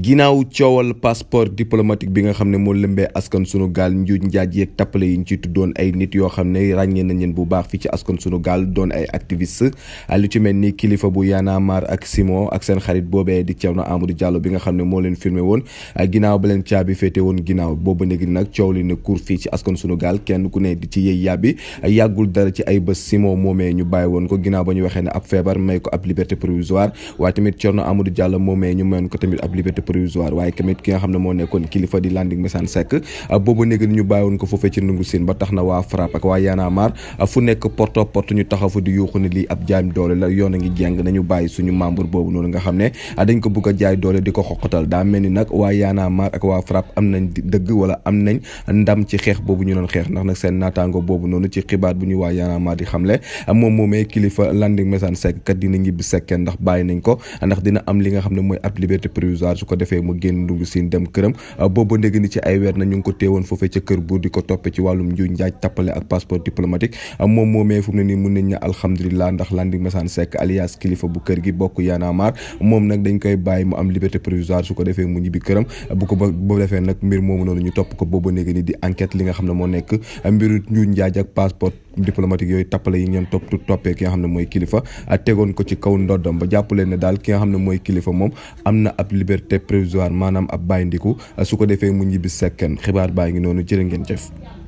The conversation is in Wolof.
ginnaaw coowal passeport diplomatique bi nga xam ne moo lëmbee askan sunu gaal njuuj njaaj yeeg tappale yi ñu ci ay nit yoo xam ne ràññee nañ leen bu baax fii ci askan sunu gaal doon ay activiste ah, lu ci mel ni kilifa bu Y'en a marre ak Simon ak seen xarit boobee di Thierno Amadou Diallo bi nga xam ne moo leen filmé woon ah, ginnaaw leen caabi féete woon ginnaaw booba léegi nag ne cour fii ci askan sunu gaal kenn ku ne di ci yëy yàbbi ah, yàggul dara ci ay bés Simon moomee ñu bàyyi woon ko ginnaaw ba ñu waxee ne ab feebar may ko ab liberté provisoire waaye tamit Thierno Amadou Diallo moomee ñu mayoon ko tamit ab liberté provisoire waaye tamit ki nga xam ne moo nekkoon kilifa di Landing Mesane Seck euh, boobu néegi ñu bàyyiwoon ko foofee ci ndungu siin ba tax na waa FRAPP ak waa Y en euh, ñu taxaw fa suñu membre boobu noonu nga ne euh, a jaay doole di ko xoqatal daa mel ni nag waa a marre ak ci xeex boobu ñu doon xeex ndax nag seen naataango boobu noonu ci xibaar bu ñu waa a marre di xamle moom moomee kilifa Landing Mesane Seck kat dina ñibbi sekkeen ko ndax dina am li nga xam ne mooy ab liberté provisoire ko defee mu génn ndungu siin dem këram ah, booba ndég ni ci ay weer na ñu ko téewoon foofee ca kër buur di ko topp ci wàllum nju njaaj tappale ak passeport diplomatique ah, moom moomee fu mu ne nii mun nañ ne alhamdulilah ndax Landing Masaan Seck alias kilifa bu kër gi bokk yaanaamaar moom nag dañ koy bàyyi mu am liberté provisoire su ko defee mu ñibbi këram ah, bu ko ba defee nag mbir moomu noonu ñu topp ko booba ndég ni di enquête li nga xam ne moo nekk mbiru nju njaaj ak passeport diplomatique yooyu tappale yi ngeen topp toppee ki xam ne mooy kilifa ah, tegoon ko ci kaw ndoddam ba jàpp leen ne daal ki nga xam ne mooy kilifa moom am na ab liberté provisoire maanaam ab bàyyindiku ah, su ko defee mu ñibbi sekken xibaar baa ngi noonu jërë ngeen jëf